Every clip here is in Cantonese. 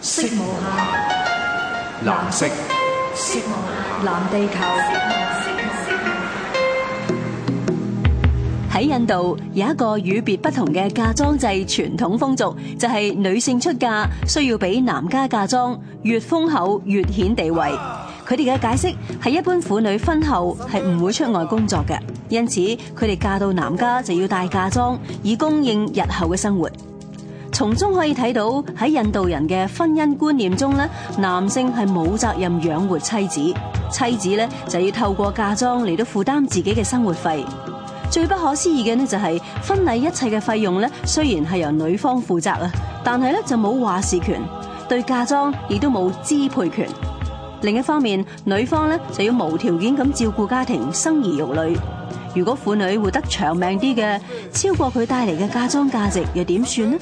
色母下，藍色，色母下藍,色色母下藍地球。喺印度有一個與別不同嘅嫁妝制傳統風俗，就係、是、女性出嫁需要俾男家嫁妝，越豐厚,越,豐厚越顯地位。佢哋嘅解釋係一般婦女婚後係唔會出外工作嘅，因此佢哋嫁到男家就要帶嫁妝，以供應日後嘅生活。從中可以睇到喺印度人嘅婚姻觀念中咧，男性係冇責任養活妻子，妻子咧就要透過嫁妝嚟到負擔自己嘅生活費。最不可思議嘅咧就係婚禮一切嘅費用咧，雖然係由女方負責啊，但係咧就冇話事權，對嫁妝亦都冇支配權。另一方面，女方咧就要無條件咁照顧家庭，生兒育女。如果婦女活得長命啲嘅，超過佢帶嚟嘅嫁妝價值，又點算呢？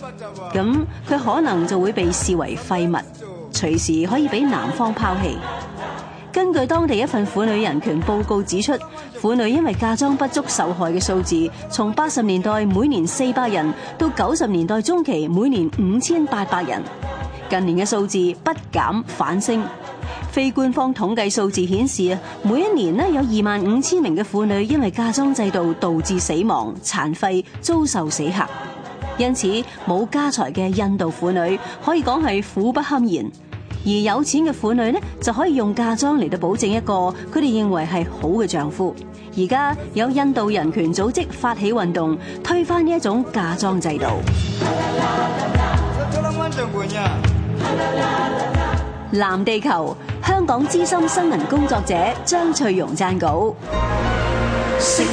咁佢可能就會被視為廢物，隨時可以俾男方拋棄。根據當地一份婦女人權報告指出，婦女因為嫁妝不足受害嘅數字，從八十年代每年四百人到九十年代中期每年五千八百人，近年嘅數字不減反升。非官方統計數字顯示，每一年呢，有二萬五千名嘅婦女因為嫁妝制度導致死亡、殘廢、遭受死客。因此冇家財嘅印度婦女可以講係苦不堪言，而有錢嘅婦女呢，就可以用嫁妝嚟到保證一個佢哋認為係好嘅丈夫。而家有印度人權組織發起運動，推翻呢一種嫁妝制度。藍地球。香港資深新聞工作者張翠蓉撰稿。識